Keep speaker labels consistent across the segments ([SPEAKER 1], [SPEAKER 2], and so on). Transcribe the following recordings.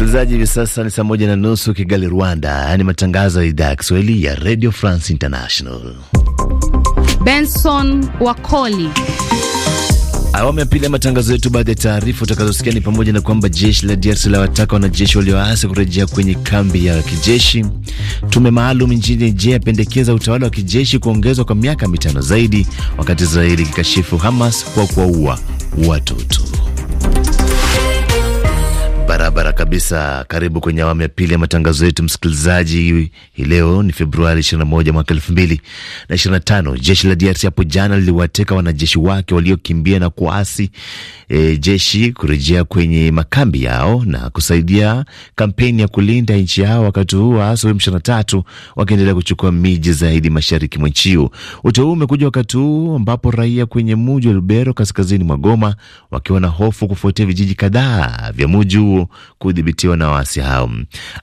[SPEAKER 1] Msikilizaji, hivi sasa ni saa moja na nusu Kigali, Rwanda. Ni matangazo ya idhaa ya Kiswahili ya Radio France International.
[SPEAKER 2] Benson Wakoli
[SPEAKER 1] Awamu ya pili ya matangazo yetu. Baadhi ya taarifa utakazosikia ni pamoja na kwamba jeshi la DRC lawataka wanajeshi walioasi kurejea kwenye kambi ya kijeshi. Tume maalum nchini Nigeria yapendekeza utawala wa kijeshi kuongezwa kwa miaka mitano zaidi, wakati Israeli kikashifu Hamas kwa kuwaua watoto barabara kabisa. Karibu kwenye awamu ya pili ya matangazo yetu, msikilizaji. Hii leo ni Februari 21 mwaka 2025. Jeshi la DRC hapo jana liliwateka wanajeshi wake waliokimbia na kuasi e, jeshi kurejea kwenye makambi yao na kusaidia kampeni ya kulinda nchi yao, wakati huu waasi wa M23 wakiendelea kuchukua miji zaidi mashariki mwa nchi hiyo. Uteu umekuja wakati huu ambapo raia kwenye muji wa Lubero kaskazini mwa Goma wakiwa na hofu kufuatia vijiji kadhaa vya muji huo huo kudhibitiwa na waasi hao.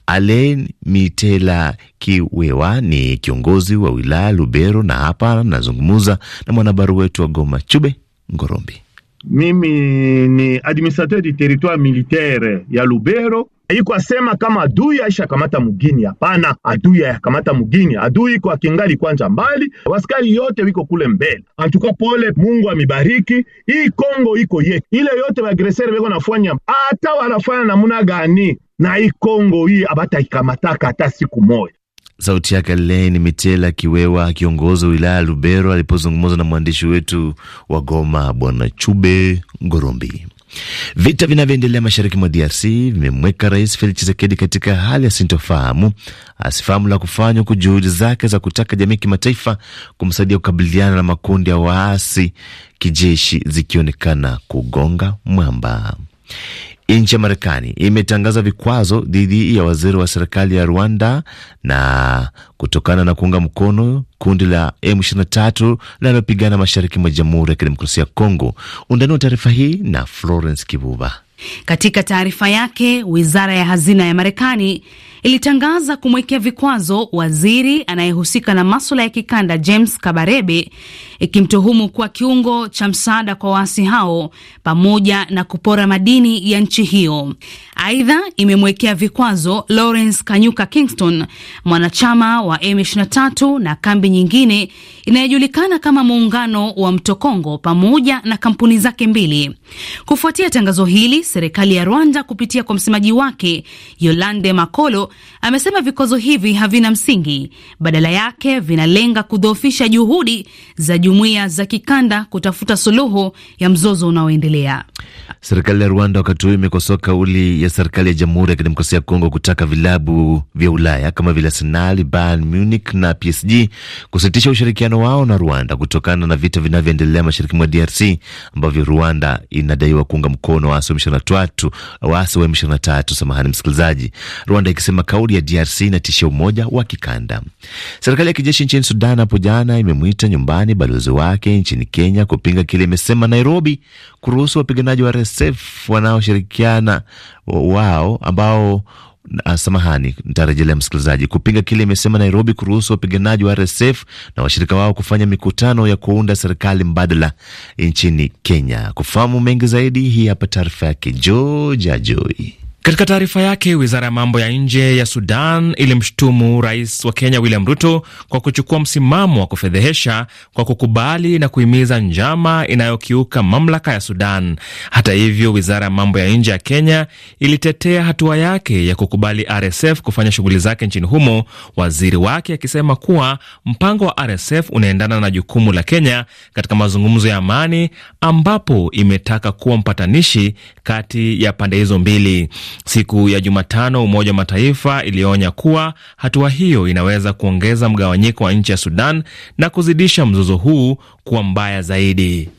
[SPEAKER 1] Alain Mitela Kiwewa ni kiongozi wa wilaya Lubero, na hapa nazungumza na mwanahabari wetu wa Goma, Chube Ngorombi. Mimi ni administrateur du territoire militaire ya Lubero. asema kama adui aisha kamata mugini, hapana, adui ayakamata mugini, adui iko akingali kwanja mbali, waskari yote wiko kule mbele. Antuka pole, Mungu amibariki hii Kongo iko ye ile yote bagresere beko nafanya hata wanafanya namna gani na hii Kongo hii abatahikamataka hata siku moja. Sauti yake Leni Mitela Kiwewa, kiongozi wa wilaya Lubero, alipozungumza na mwandishi wetu wa Goma Bwana Chube Ngorombi. Vita vinavyoendelea mashariki mwa DRC vimemweka Rais Felix Tshisekedi katika hali ya sintofahamu, asifahamu la kufanywa, huku juhudi zake za kutaka jamii kimataifa kumsaidia kukabiliana na makundi ya waasi kijeshi zikionekana kugonga mwamba. Nchi ya Marekani imetangaza vikwazo dhidi ya waziri wa serikali ya Rwanda na kutokana na kuunga mkono kundi la M23 linalopigana mashariki mwa Jamhuri ya Kidemokrasia ya Kongo. Undani wa taarifa hii na Florence Kibuba.
[SPEAKER 2] Katika taarifa yake, wizara ya hazina ya Marekani ilitangaza kumwekea vikwazo waziri anayehusika na maswala ya kikanda James Kabarebe, ikimtuhumu kuwa kiungo cha msaada kwa waasi hao pamoja na kupora madini ya nchi hiyo. Aidha, imemwekea vikwazo Lawrence Kanyuka Kingston, mwanachama wa M23 na kambi nyingine inayojulikana kama Muungano wa Mtokongo pamoja na kampuni zake mbili, kufuatia tangazo hili serikali ya Rwanda kupitia kwa msemaji wake Yolande Makolo amesema vikwazo hivi havina msingi, badala yake vinalenga kudhoofisha juhudi za jumuiya za kikanda kutafuta suluhu ya mzozo unaoendelea.
[SPEAKER 1] Serikali ya Rwanda wakati huu imekosoa kauli ya serikali ya Jamhuri ya Kidemokrasia ya Kongo kutaka vilabu vya Ulaya kama vile Arsenal, Bayern Munich na PSG kusitisha ushirikiano wao na Rwanda kutokana na vita vinavyoendelea mashariki mwa DRC ambavyo Rwanda inadaiwa kuunga mkono wa m waasi wa M23, samahani msikilizaji, Rwanda ikisema kauli ya DRC inatishia umoja wa kikanda. Serikali ya kijeshi nchini Sudan hapo jana imemwita nyumbani balozi wake nchini Kenya kupinga kile imesema Nairobi kuruhusu wapiganaji wa RSF wanaoshirikiana wao ambao Ah, samahani, ntarejelea msikilizaji. Kupinga kile imesema Nairobi kuruhusu wapiganaji wa RSF na washirika wao kufanya mikutano ya kuunda serikali mbadala
[SPEAKER 2] nchini Kenya.
[SPEAKER 1] Kufahamu mengi zaidi, hii hapa taarifa yake Joe Jajoi.
[SPEAKER 2] Katika taarifa yake, wizara ya mambo ya nje ya Sudan ilimshutumu rais wa Kenya William Ruto kwa kuchukua msimamo wa kufedhehesha kwa kukubali na kuhimiza njama inayokiuka mamlaka ya Sudan. Hata hivyo, wizara ya mambo ya nje ya Kenya ilitetea hatua yake ya kukubali RSF kufanya shughuli zake nchini humo, waziri wake akisema kuwa mpango wa RSF unaendana na jukumu la Kenya katika mazungumzo ya amani, ambapo imetaka kuwa mpatanishi kati ya pande hizo mbili. Siku ya Jumatano, Umoja wa Mataifa ilionya kuwa hatua hiyo inaweza kuongeza mgawanyiko wa nchi ya Sudan na kuzidisha mzozo huu kuwa mbaya zaidi.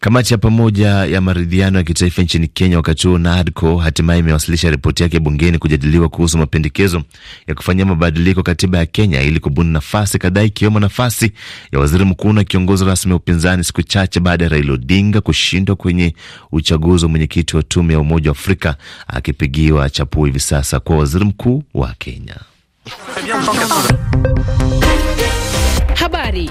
[SPEAKER 1] Kamati ya pamoja ya maridhiano ya kitaifa nchini Kenya wakati huo NADCO hatimaye imewasilisha ripoti yake bungeni kujadiliwa kuhusu mapendekezo ya kufanyia mabadiliko katiba ya Kenya ili kubuni nafasi kadhaa ikiwemo nafasi ya waziri mkuu na kiongozi rasmi wa upinzani, siku chache baada ya Raila Odinga kushindwa kwenye uchaguzi wa mwenyekiti wa tume ya Umoja wa Afrika, akipigiwa chapuo hivi sasa kwa waziri mkuu wa Kenya.
[SPEAKER 2] Habari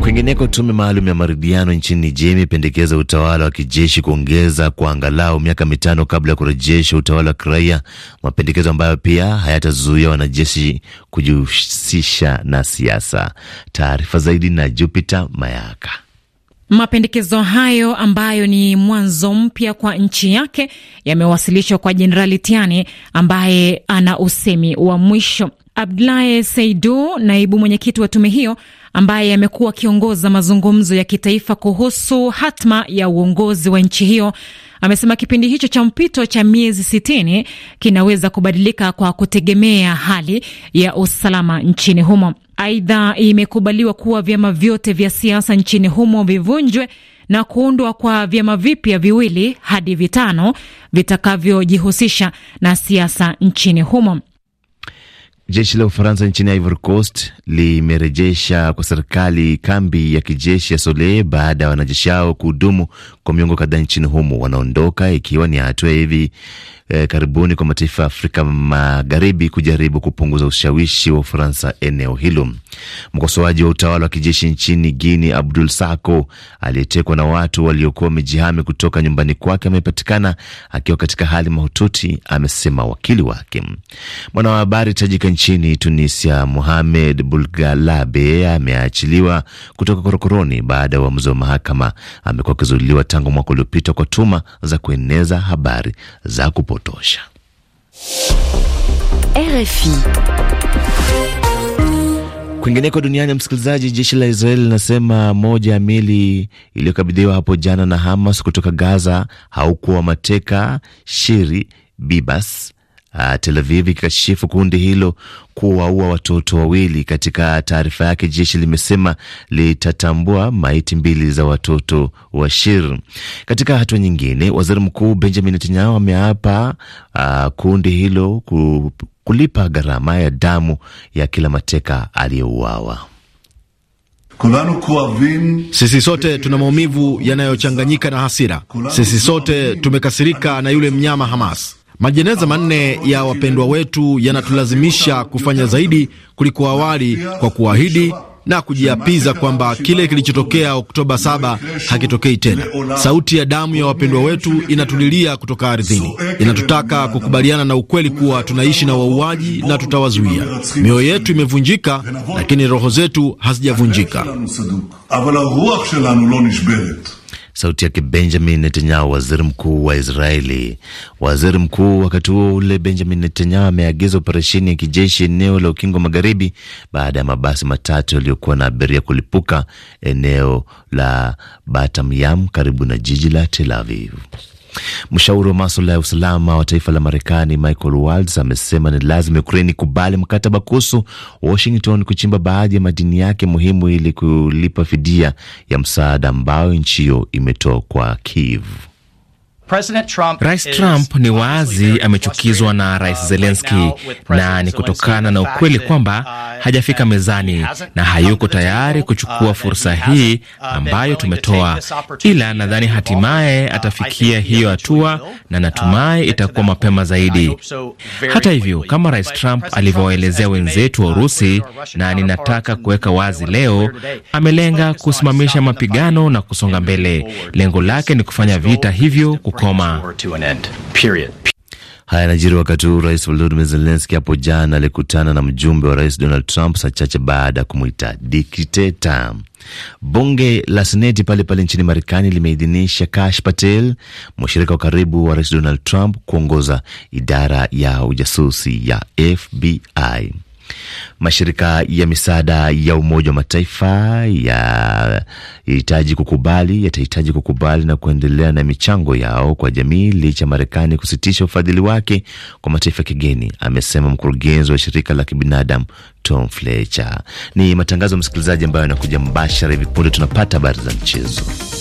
[SPEAKER 1] Kwingineko, tume maalum ya maridhiano nchini Nigeria imependekeza utawala wa kijeshi kuongeza kwa angalau miaka mitano kabla ya kurejesha utawala wa kiraia, mapendekezo ambayo pia hayatazuia wanajeshi kujihusisha na siasa. Taarifa zaidi na Jupiter Mayaka.
[SPEAKER 2] Mapendekezo hayo ambayo ni mwanzo mpya kwa nchi yake yamewasilishwa kwa Jenerali Tiani ambaye ana usemi wa mwisho. Abdulahi Seidu, naibu mwenyekiti wa tume hiyo, ambaye amekuwa akiongoza mazungumzo ya kitaifa kuhusu hatma ya uongozi wa nchi hiyo amesema kipindi hicho cha mpito cha miezi sitini kinaweza kubadilika kwa kutegemea hali ya usalama nchini humo. Aidha, imekubaliwa kuwa vyama vyote vya siasa nchini humo vivunjwe na kuundwa kwa vyama vipya viwili hadi vitano vitakavyojihusisha na siasa nchini humo.
[SPEAKER 1] Jeshi la Ufaransa nchini Ivory Coast limerejesha kwa serikali kambi ya kijeshi ya Solee baada ya wanajeshi hao kuhudumu kwa miongo kadhaa nchini humo wanaondoka, ikiwa ni hatua hivi eh, karibuni kwa mataifa ya Afrika Magharibi kujaribu kupunguza ushawishi wa Ufaransa eneo hilo. Mkosoaji wa utawala wa kijeshi nchini Guini, Abdul Sako, aliyetekwa na watu waliokuwa wamejihami kutoka nyumbani kwake, amepatikana akiwa katika hali mahututi, amesema wakili wake. Mwanahabari tajika nchini Tunisia, Muhamed Bulgalabe, ameachiliwa kutoka korokoroni baada ya uamuzi wa mahakama. Amekuwa akizuiliwa tangu mwaka uliopita kwa tuma za kueneza habari za kupotosha. RFI. Kwingineko duniani, msikilizaji, jeshi la Israeli linasema moja ya mili iliyokabidhiwa hapo jana na Hamas kutoka Gaza haukuwa mateka Shiri Bibas Ah, Tel Aviv ikikashifu kundi hilo kuwaua watoto wawili. Katika taarifa yake, jeshi limesema litatambua maiti mbili za watoto wa Shir. Katika hatua nyingine, waziri mkuu Benjamin Netanyahu ameapa ah, kundi hilo ku, kulipa gharama ya damu ya kila mateka aliyeuawa. Sisi sote tuna maumivu yanayochanganyika na hasira. Sisi sote tumekasirika na yule mnyama Hamas. Majeneza manne ya wapendwa wetu yanatulazimisha kufanya zaidi kuliko awali kwa kuahidi na kujiapiza kwamba kile kilichotokea Oktoba 7 hakitokei tena. Sauti ya damu ya wapendwa wetu inatulilia kutoka ardhini, inatutaka kukubaliana na ukweli kuwa tunaishi na wauaji na tutawazuia. Mioyo yetu imevunjika, lakini roho zetu hazijavunjika. Sauti yake Benjamin Netanyahu, waziri mkuu wa Israeli. Waziri mkuu wakati huo ule Benjamin Netanyahu ameagiza operesheni ya kijeshi eneo la Ukingo Magharibi baada ya mabasi matatu yaliyokuwa na abiria kulipuka eneo la Batam Yam karibu na jiji la Tel Aviv. Mshauri wa maswala ya usalama wa taifa la Marekani Michael Waltz amesema ni lazima Ukraini kubali mkataba kuhusu Washington kuchimba baadhi ya madini yake muhimu ili kulipa fidia ya msaada ambayo nchi hiyo imetoa kwa Kiev.
[SPEAKER 2] Rais Trump ni wazi amechukizwa na Rais Zelenski na ni kutokana na ukweli kwamba hajafika mezani na hayuko tayari kuchukua fursa hii ambayo tumetoa, ila nadhani hatimaye atafikia hiyo hatua na natumai itakuwa mapema zaidi. Hata hivyo, kama Rais Trump alivyowaelezea wenzetu wa uh, Urusi, na ninataka kuweka wazi leo, amelenga kusimamisha mapigano na kusonga mbele. Lengo lake ni kufanya vita hivyo koma.
[SPEAKER 1] Haya yanajiri wakati huu rais Volodimir zelenski hapo jana alikutana na mjumbe wa rais Donald Trump saa chache baada ya kumwita dikteta. Bunge la Seneti pale pale nchini Marekani limeidhinisha Kash Patel, mshirika wa karibu wa rais Donald Trump, kuongoza idara ya ujasusi ya FBI. Mashirika ya misaada ya Umoja wa Mataifa yahitaji kukubali yatahitaji kukubali na kuendelea na michango yao kwa jamii licha Marekani kusitisha ufadhili wake kwa mataifa ya kigeni, amesema mkurugenzi wa shirika la kibinadamu Tom Fletcher. Ni matangazo ya msikilizaji ambayo yanakuja mbashara hivi punde,
[SPEAKER 2] tunapata habari za mchezo.